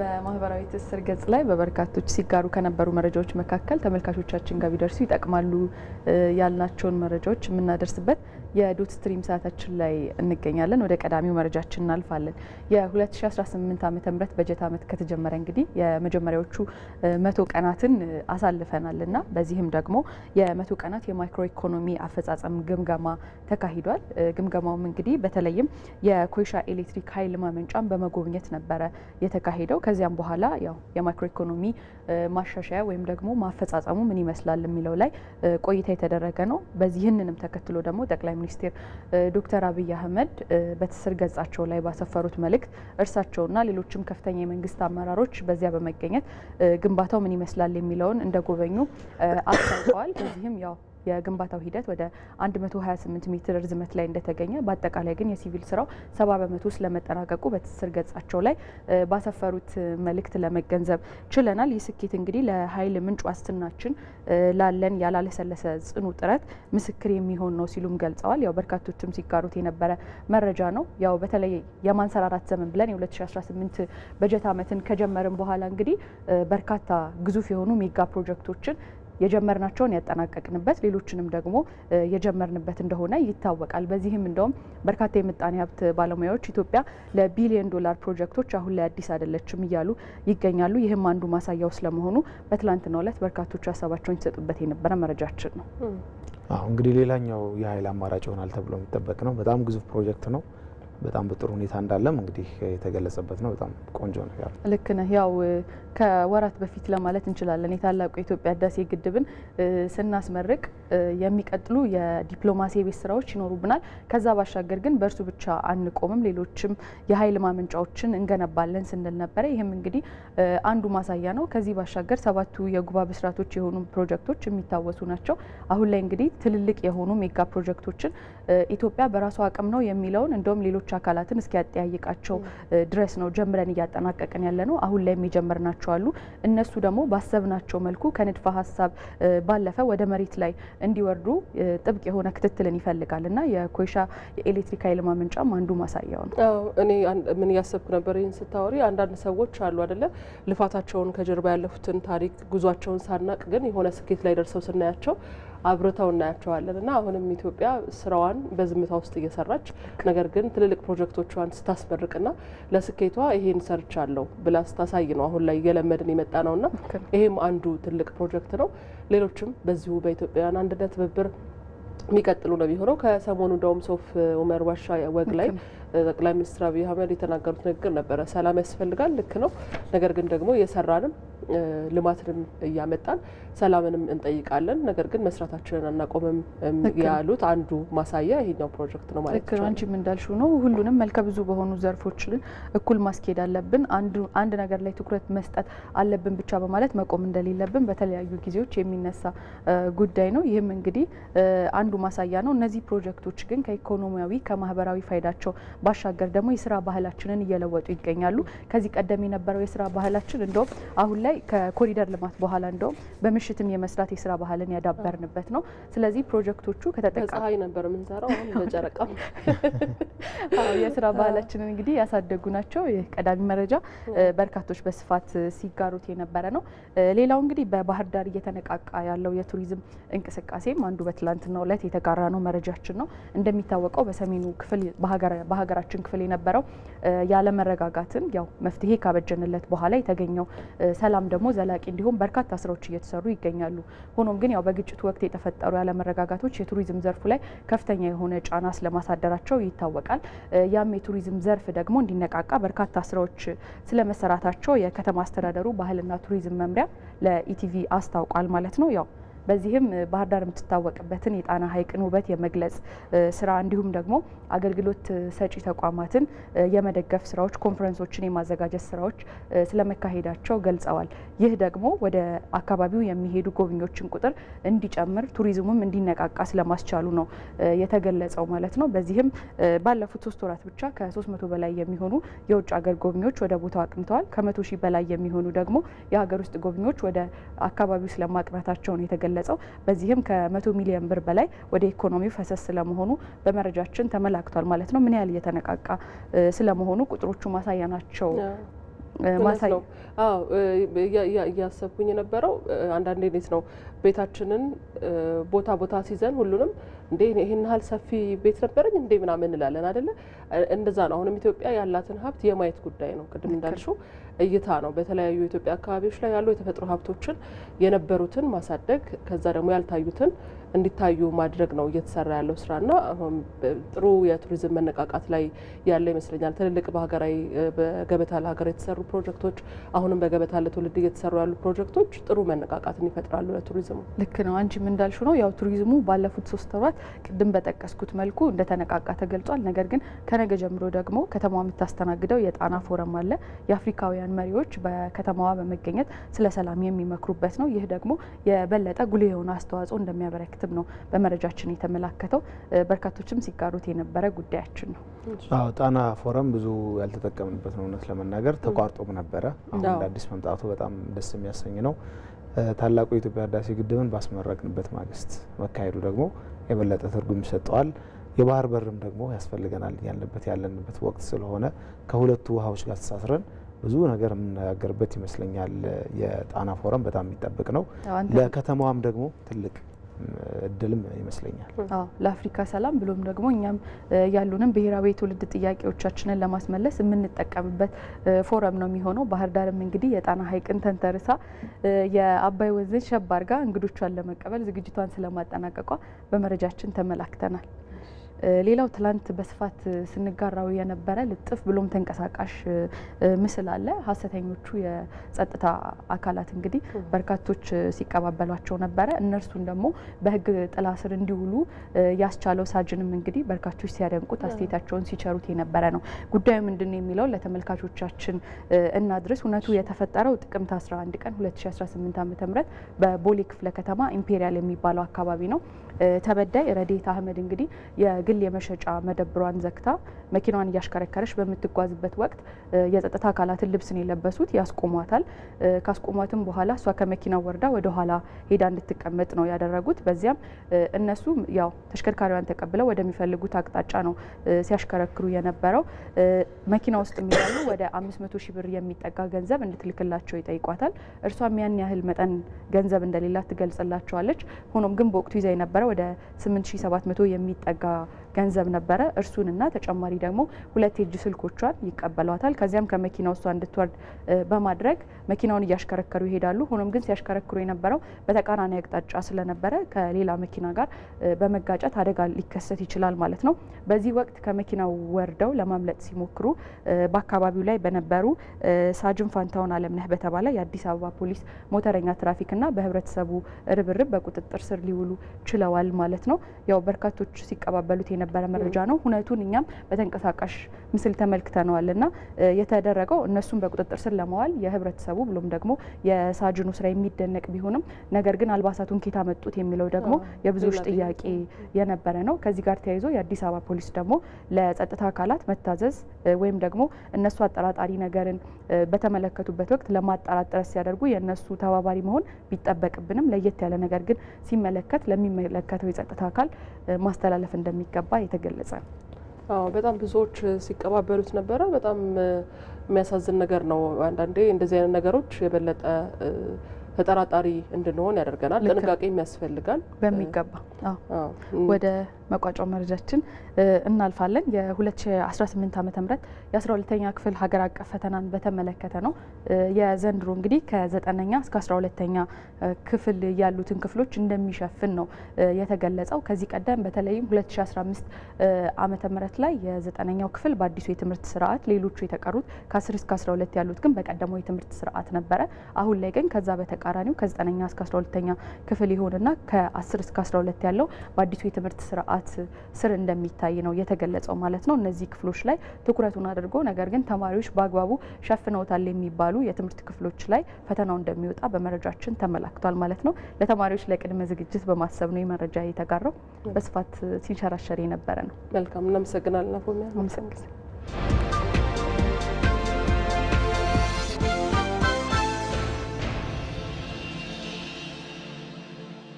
በማህበራዊ ትስስር ገጽ ላይ በበርካቶች ሲጋሩ ከነበሩ መረጃዎች መካከል ተመልካቾቻችን ጋር ቢደርሱ ይጠቅማሉ ያልናቸውን መረጃዎች የምናደርስበት የዶት ስትሪም ሰዓታችን ላይ እንገኛለን። ወደ ቀዳሚው መረጃችን እናልፋለን። የ2018 ዓ ም በጀት ዓመት ከተጀመረ እንግዲህ የመጀመሪያዎቹ መቶ ቀናትን አሳልፈናል እና በዚህም ደግሞ የመቶ ቀናት የማይክሮ ኢኮኖሚ አፈጻጸም ግምገማ ተካሂዷል። ግምገማውም እንግዲህ በተለይም የኮይሻ ኤሌክትሪክ ኃይል ማመንጫን በመጎብኘት ነበረ የተካሄደው። ከዚያም በኋላ ያው የማይክሮ ኢኮኖሚ ማሻሻያ ወይም ደግሞ ማፈጻጸሙ ምን ይመስላል የሚለው ላይ ቆይታ የተደረገ ነው። በዚህንንም ተከትሎ ደግሞ ጠቅላይ ሚኒስቴር ዶክተር አብይ አህመድ በትስር ገጻቸው ላይ ባሰፈሩት መልእክት እርሳቸውና ሌሎችም ከፍተኛ የመንግስት አመራሮች በዚያ በመገኘት ግንባታው ምን ይመስላል የሚለውን እንደጎበኙ አስታውቀዋል። በዚህም ያው የግንባታው ሂደት ወደ 128 ሜትር ርዝመት ላይ እንደተገኘ በአጠቃላይ ግን የሲቪል ስራው 70 በመቶ ስለመጠናቀቁ በትስስር ገጻቸው ላይ ባሰፈሩት መልእክት ለመገንዘብ ችለናል። ይህ ስኬት እንግዲህ ለኃይል ምንጭ ዋስትናችን ላለን ያላለሰለሰ ጽኑ ጥረት ምስክር የሚሆን ነው ሲሉም ገልጸዋል። ያው በርካቶችም ሲጋሩት የነበረ መረጃ ነው። ያው በተለይ የማንሰራራት ዘመን ብለን የ2018 በጀት ዓመትን ከጀመርን በኋላ እንግዲህ በርካታ ግዙፍ የሆኑ ሜጋ ፕሮጀክቶችን የጀመርናቸውን ያጠናቀቅንበት ሌሎችንም ደግሞ የጀመርንበት እንደሆነ ይታወቃል። በዚህም እንደውም በርካታ የምጣኔ ሀብት ባለሙያዎች ኢትዮጵያ ለቢሊዮን ዶላር ፕሮጀክቶች አሁን ላይ አዲስ አይደለችም እያሉ ይገኛሉ። ይህም አንዱ ማሳያው ስለመሆኑ በትላንትናው ዕለት በርካቶች ሀሳባቸውን ይሰጡበት የነበረ መረጃችን ነው። እንግዲህ ሌላኛው የኃይል አማራጭ ይሆናል ተብሎ የሚጠበቅ ነው። በጣም ግዙፍ ፕሮጀክት ነው። በጣም በጥሩ ሁኔታ እንዳለም እንግዲህ የተገለጸበት ነው። በጣም ቆንጆ ነገር ልክ ነህ። ያው ከወራት በፊት ለማለት እንችላለን የታላቁ የኢትዮጵያ ህዳሴ ግድብን ስናስመርቅ የሚቀጥሉ የዲፕሎማሲ የቤት ስራዎች ይኖሩብናል። ከዛ ባሻገር ግን በእርሱ ብቻ አንቆምም፣ ሌሎችም የኃይል ማመንጫዎችን እንገነባለን ስንል ነበረ። ይህም እንግዲህ አንዱ ማሳያ ነው። ከዚህ ባሻገር ሰባቱ የጉባ ብስራቶች የሆኑ ፕሮጀክቶች የሚታወሱ ናቸው። አሁን ላይ እንግዲህ ትልልቅ የሆኑ ሜጋ ፕሮጀክቶችን ኢትዮጵያ በራሷ አቅም ነው የሚለውን እንደውም ሌሎች ሌሎች አካላትን እስኪያጠያይቃቸው ድረስ ነው ጀምረን እያጠናቀቅን ያለ ነው። አሁን ላይ የሚጀምር ናቸው አሉ። እነሱ ደግሞ ባሰብናቸው መልኩ ከንድፈ ሀሳብ ባለፈ ወደ መሬት ላይ እንዲወርዱ ጥብቅ የሆነ ክትትልን ይፈልጋል እና የኮይሻ የኤሌክትሪክ ኃይል ማመንጫም አንዱ ማሳያው ነው። እኔ ምን እያሰብኩ ነበር ይህን ስታወሪ፣ አንዳንድ ሰዎች አሉ አደለ ልፋታቸውን ከጀርባ ያለፉትን ታሪክ ጉዟቸውን ሳናቅ ግን የሆነ ስኬት ላይ ደርሰው ስናያቸው አብርተው እናያቸዋለን እና አሁንም ኢትዮጵያ ስራዋን በዝምታ ውስጥ እየሰራች ነገር ግን ትልልቅ ፕሮጀክቶቿን ስታስመርቅና ለስኬቷ ይሄን ሰርቻለሁ ብላ ስታሳይ ነው አሁን ላይ እየለመድን የመጣ ነውና ይሄም አንዱ ትልቅ ፕሮጀክት ነው። ሌሎችም በዚሁ በኢትዮጵያውያን አንድነት ትብብር የሚቀጥሉ ነው የሚሆነው። ከሰሞኑ እንደውም ሶፍ ኡመር ዋሻ ወግ ላይ ጠቅላይ ሚኒስትር አብይ አህመድ የተናገሩት ንግግር ነበረ። ሰላም ያስፈልጋል፣ ልክ ነው። ነገር ግን ደግሞ የሰራንም ልማትንም እያመጣን ሰላምንም እንጠይቃለን፣ ነገር ግን መስራታችንን አናቆምም ያሉት አንዱ ማሳያ ይሄኛው ፕሮጀክት ነው ማለት ነው። አንቺም እንዳልሽው ነው። ሁሉንም መልከ ብዙ በሆኑ ዘርፎች እኩል ማስኬድ አለብን። አንድ ነገር ላይ ትኩረት መስጠት አለብን ብቻ በማለት መቆም እንደሌለብን በተለያዩ ጊዜዎች የሚነሳ ጉዳይ ነው። ይህም እንግዲህ አንዱ ማሳያ ነው። እነዚህ ፕሮጀክቶች ግን ከኢኮኖሚያዊ ከማህበራዊ ፋይዳቸው ባሻገር ደግሞ የስራ ባህላችንን እየለወጡ ይገኛሉ። ከዚህ ቀደም የነበረው የስራ ባህላችን እንደውም አሁን ላይ ከኮሪደር ልማት በኋላ እንደውም በምሽትም የመስራት የስራ ባህልን ያዳበርንበት ነው። ስለዚህ ፕሮጀክቶቹ ከተጠቃሚ ነበር የምንሰራው በጨረቃ የስራ ባህላችንን እንግዲህ ያሳደጉ ናቸው። ይህ ቀዳሚ መረጃ በርካቶች በስፋት ሲጋሩት የነበረ ነው። ሌላው እንግዲህ በባህር ዳር እየተነቃቃ ያለው የቱሪዝም እንቅስቃሴም አንዱ በትላንትናው ዕለት የተጋራ ነው መረጃችን ነው። እንደሚታወቀው በሰሜኑ ክፍል የሀገራችን ክፍል የነበረው ያለመረጋጋትን ያው መፍትሄ ካበጀንለት በኋላ የተገኘው ሰላም ደግሞ ዘላቂ እንዲሆን በርካታ ስራዎች እየተሰሩ ይገኛሉ። ሆኖም ግን ያው በግጭቱ ወቅት የተፈጠሩ ያለመረጋጋቶች የቱሪዝም ዘርፉ ላይ ከፍተኛ የሆነ ጫና ስለማሳደራቸው ይታወቃል። ያም የቱሪዝም ዘርፍ ደግሞ እንዲነቃቃ በርካታ ስራዎች ስለመሰራታቸው የከተማ አስተዳደሩ ባህልና ቱሪዝም መምሪያ ለኢቲቪ አስታውቋል ማለት ነው ያው በዚህም ባህር ዳር የምትታወቅበትን የጣና ሐይቅን ውበት የመግለጽ ስራ እንዲሁም ደግሞ አገልግሎት ሰጪ ተቋማትን የመደገፍ ስራዎች፣ ኮንፈረንሶችን የማዘጋጀት ስራዎች ስለመካሄዳቸው ገልጸዋል። ይህ ደግሞ ወደ አካባቢው የሚሄዱ ጎብኚዎችን ቁጥር እንዲጨምር ቱሪዝሙም እንዲነቃቃ ስለማስቻሉ ነው የተገለጸው ማለት ነው። በዚህም ባለፉት ሶስት ወራት ብቻ ከሶስት መቶ በላይ የሚሆኑ የውጭ ሀገር ጎብኚዎች ወደ ቦታው አቅንተዋል። ከመቶ ሺህ በላይ የሚሆኑ ደግሞ የሀገር ውስጥ ጎብኚዎች ወደ አካባቢው ስለማቅናታቸው ነው የተገለጸው። የተገለጸው። በዚህም ከ100 ሚሊዮን ብር በላይ ወደ ኢኮኖሚው ፈሰስ ስለመሆኑ በመረጃችን ተመላክቷል ማለት ነው። ምን ያህል እየተነቃቃ ስለመሆኑ ቁጥሮቹ ማሳያ ናቸው። ማሳያ ነው እያሰብኩኝ የነበረው አንዳንድ እንዴት ነው ቤታችንን ቦታ ቦታ ሲዘን ሁሉንም እንዴ ይህን ያህል ሰፊ ቤት ነበረኝ እንዴ ምናምን እንላለን አደለ? እንደዛ ነው። አሁንም ኢትዮጵያ ያላትን ሀብት የማየት ጉዳይ ነው። ቅድም እንዳልሽው እይታ ነው። በተለያዩ የኢትዮጵያ አካባቢዎች ላይ ያሉ የተፈጥሮ ሀብቶችን የነበሩትን ማሳደግ፣ ከዛ ደግሞ ያልታዩትን እንዲታዩ ማድረግ ነው እየተሰራ ያለው ስራና አሁን ጥሩ የቱሪዝም መነቃቃት ላይ ያለ ይመስለኛል። ትልልቅ በሀገራዊ በገበታ ለሀገር የተሰሩ ፕሮጀክቶች፣ አሁንም በገበታ ለትውልድ እየተሰሩ ያሉ ፕሮጀክቶች ጥሩ መነቃቃትን ይፈጥራሉ ለቱሪዝም ቱሪዝሙ። ልክ ነው። አንቺም እንዳልሽው ነው። ያው ቱሪዝሙ ባለፉት ሶስት ወራት ቅድም በጠቀስኩት መልኩ እንደተነቃቃ ተገልጿል። ነገር ግን ከነገ ጀምሮ ደግሞ ከተማዋ የምታስተናግደው የጣና ፎረም አለ። የአፍሪካውያን መሪዎች በከተማዋ በመገኘት ስለ ሰላም የሚመክሩበት ነው። ይህ ደግሞ የበለጠ ጉልህ የሆነ አስተዋጽኦ እንደሚያበረክትም ነው በመረጃችን የተመላከተው። በርካቶችም ሲጋሩት የነበረ ጉዳያችን ነው። ጣና ፎረም ብዙ ያልተጠቀምንበት ነው እውነት ለመናገር ተቋርጦም ነበረ። አሁን እንደ አዲስ መምጣቱ በጣም ደስ የሚያሰኝ ነው። ታላቁ የኢትዮጵያ ህዳሴ ግድብን ባስመረቅንበት ማግስት መካሄዱ ደግሞ የበለጠ ትርጉም ይሰጠዋል። የባህር በርም ደግሞ ያስፈልገናል ያለበት ያለንበት ወቅት ስለሆነ ከሁለቱ ውሃዎች ጋር ተሳስረን ብዙ ነገር የምንነጋገርበት ይመስለኛል። የጣና ፎረም በጣም የሚጠብቅ ነው። ለከተማዋም ደግሞ ትልቅ እድልም ይመስለኛል። ለአፍሪካ ሰላም ብሎም ደግሞ እኛም ያሉንም ብሔራዊ የትውልድ ጥያቄዎቻችንን ለማስመለስ የምንጠቀምበት ፎረም ነው የሚሆነው። ባህር ዳርም እንግዲህ የጣና ሐይቅን ተንተርሳ የአባይ ወንዝን ሸብ አድርጋ እንግዶቿን ለመቀበል ዝግጅቷን ስለማጠናቀቋ በመረጃችን ተመላክተናል። ሌላው ትላንት በስፋት ስንጋራው የነበረ ልጥፍ ብሎም ተንቀሳቃሽ ምስል አለ። ሀሰተኞቹ የጸጥታ አካላት እንግዲህ በርካቶች ሲቀባበሏቸው ነበረ። እነርሱን ደግሞ በህግ ጥላ ስር እንዲውሉ ያስቻለው ሳጅንም እንግዲህ በርካቶች ሲያደንቁት አስተያየታቸውን ሲቸሩት የነበረ ነው። ጉዳዩ ምንድን ነው የሚለው ለተመልካቾቻችን እናድርስ። እውነቱ የተፈጠረው ጥቅምት 11 ቀን 2018 ዓ ም በቦሌ ክፍለ ከተማ ኢምፔሪያል የሚባለው አካባቢ ነው። ተበዳይ ረዴት አህመድ እንግዲህ የግል የመሸጫ መደብሯን ዘግታ መኪናዋን እያሽከረከረች በምትጓዝበት ወቅት የጸጥታ አካላትን ልብስን የለበሱት ያስቆሟታል። ካስቆሟትም በኋላ እሷ ከመኪና ወርዳ ወደኋላ ሄዳ እንድትቀመጥ ነው ያደረጉት። በዚያም እነሱ ያው ተሽከርካሪዋን ተቀብለው ወደሚፈልጉት አቅጣጫ ነው ሲያሽከረክሩ የነበረው። መኪና ውስጥ የሚያሉ ወደ መቶ ሺህ ብር የሚጠጋ ገንዘብ እንድትልክላቸው ይጠይቋታል። እርሷም ያን ያህል መጠን ገንዘብ እንደሌላት ትገልጽላቸዋለች። ሆኖም ግን በወቅቱ ይዛ የነበረ ወደ 8700 የሚጠጋ ገንዘብ ነበረ። እርሱንና ተጨማሪ ደግሞ ሁለት የእጅ ስልኮቿን ይቀበሏታል። ከዚያም ከመኪና እሷ እንድትወርድ በማድረግ መኪናውን እያሽከረከሩ ይሄዳሉ። ሆኖም ግን ሲያሽከረክሩ የነበረው በተቃራኒ አቅጣጫ ስለነበረ ከሌላ መኪና ጋር በመጋጨት አደጋ ሊከሰት ይችላል ማለት ነው። በዚህ ወቅት ከመኪናው ወርደው ለማምለጥ ሲሞክሩ በአካባቢው ላይ በነበሩ ሳጅን ፋንታውን አለምነህ በተባለ የአዲስ አበባ ፖሊስ ሞተረኛ ትራፊክና በህብረተሰቡ ርብርብ በቁጥጥር ስር ሊውሉ ችለዋል ማለት ነው። ያው በርካቶች ሲቀባበሉት የነበ የነበረ መረጃ ነው። ሁነቱን እኛም በተንቀሳቃሽ ምስል ተመልክተነዋል እና የተደረገው እነሱን በቁጥጥር ስር ለማዋል የህብረተሰቡ ብሎም ደግሞ የሳጅኑ ስራ የሚደነቅ ቢሆንም ነገር ግን አልባሳቱን ኬታ መጡት የሚለው ደግሞ የብዙዎች ጥያቄ የነበረ ነው። ከዚህ ጋር ተያይዞ የአዲስ አበባ ፖሊስ ደግሞ ለጸጥታ አካላት መታዘዝ ወይም ደግሞ እነሱ አጠራጣሪ ነገርን በተመለከቱበት ወቅት ለማጣራት ጥረት ሲያደርጉ የእነሱ ተባባሪ መሆን ቢጠበቅብንም ለየት ያለ ነገር ግን ሲመለከት ለሚመለከተው የጸጥታ አካል ማስተላለፍ እንደሚገባ እንደገባ የተገለጸ ነው። አዎ በጣም ብዙዎች ሲቀባበሉት ነበረ። በጣም የሚያሳዝን ነገር ነው። አንዳንዴ እንደዚህ አይነት ነገሮች የበለጠ ተጠራጣሪ እንድንሆን ያደርገናል። ጥንቃቄ ያስፈልጋል በሚገባ ወደ መቋጫው መረጃችን እናልፋለን። የ2018 ዓ ም የ12ተኛ ክፍል ሀገር አቀፍ ፈተናን በተመለከተ ነው። የዘንድሮ እንግዲህ ከ9ኛ እስከ 12ተኛ ክፍል ያሉትን ክፍሎች እንደሚሸፍን ነው የተገለጸው። ከዚህ ቀደም በተለይም 2015 ዓ ም ላይ የ9ኛው ክፍል በአዲሱ የትምህርት ስርዓት፣ ሌሎቹ የተቀሩት ከ10 እስከ 12 ያሉት ግን በቀደመው የትምህርት ስርዓት ነበረ። አሁን ላይ ግን ከዛ በተቃራኒው ከ9ኛ እስከ 12ተኛ ክፍል ይሆንና ከ10 እስከ 12 ያለው በአዲሱ የትምህርት ስርዓት በስፋት ስር እንደሚታይ ነው የተገለጸው ማለት ነው። እነዚህ ክፍሎች ላይ ትኩረቱን አድርጎ ነገር ግን ተማሪዎች በአግባቡ ሸፍነውታል የሚባሉ የትምህርት ክፍሎች ላይ ፈተናው እንደሚወጣ በመረጃችን ተመላክቷል ማለት ነው። ለተማሪዎች ለቅድመ ዝግጅት በማሰብ ነው የመረጃ የተጋራው በስፋት ሲንሸራሸር የነበረ ነው። መልካም እናመሰግናለን።